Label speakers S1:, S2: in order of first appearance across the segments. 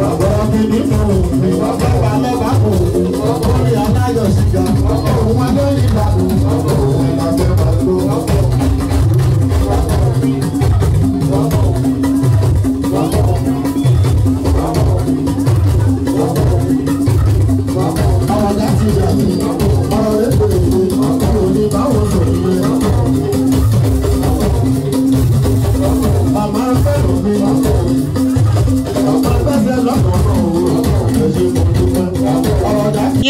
S1: bàbá mi nínú òfin.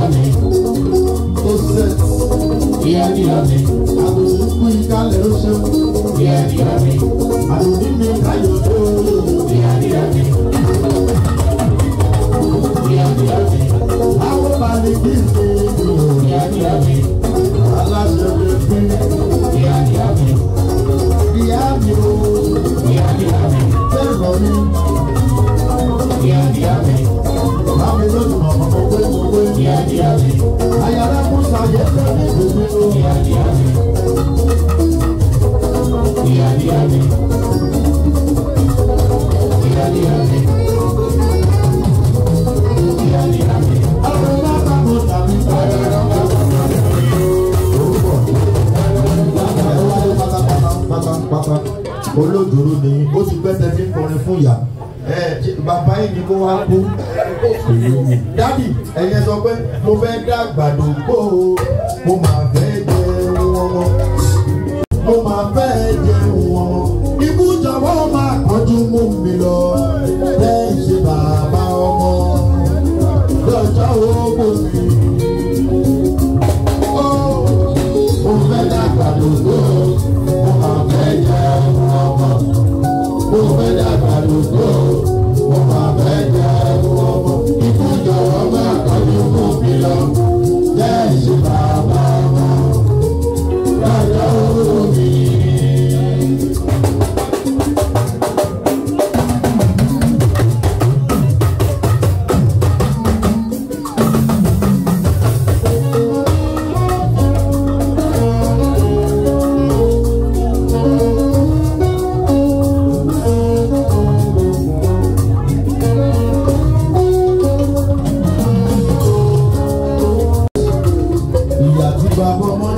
S1: ọ̀nì tó ṣe ìyá ni ọ̀nì àbùkù ìkàlẹ̀ ó ṣe I ni ọ̀nì àbùkù mi káyọ̀. pátápátá olódùrú ni ó ti gbẹ́sẹ̀ fi kọrin fún ìyá bàbá yìí ni kó wá kú dádì ẹ̀yẹ sọ pé mo fẹ́ dá àgbàdo mo máa.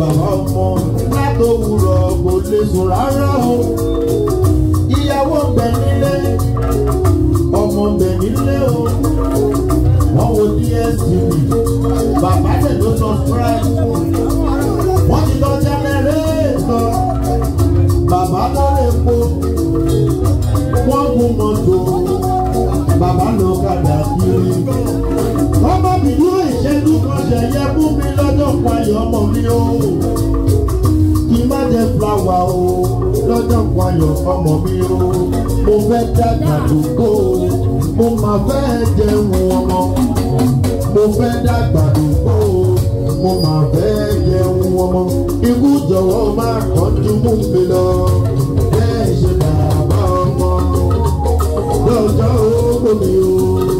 S1: bàbá ọmọ nígbà tó wúrọ̀ kò lè sùn rárá o. Ìyàwó bẹ nílé, ọmọ bẹ nílé o. Wọ́n wo DSTV, bàbá tẹ̀ ló subscribe. Wọ́n ti lọ jẹnẹrétọ̀, bàbá lọ lè po. Wọ́n gun mọ́tò, bàbá lọ kàdà kiri. Wọ́n bá mi dúró ìṣẹ́jú kan ṣẹ̀yẹ fún mi lọ́jọ́ payọ̀ ọmọ mi o. lọ́jọ́ wayọ̀ ọmọ mi o mo fẹ́ dàgbà dògbò mo máa fẹ́ jẹun ọmọ mo fẹ́ dàgbà dògbò mo máa fẹ́ jẹun ọmọ ikú jọ̀wọ́ máa kánjú mú mi lọ bẹ́ẹ̀ ṣe bàbá ọmọ lọ́jọ́ ó gbòmí o.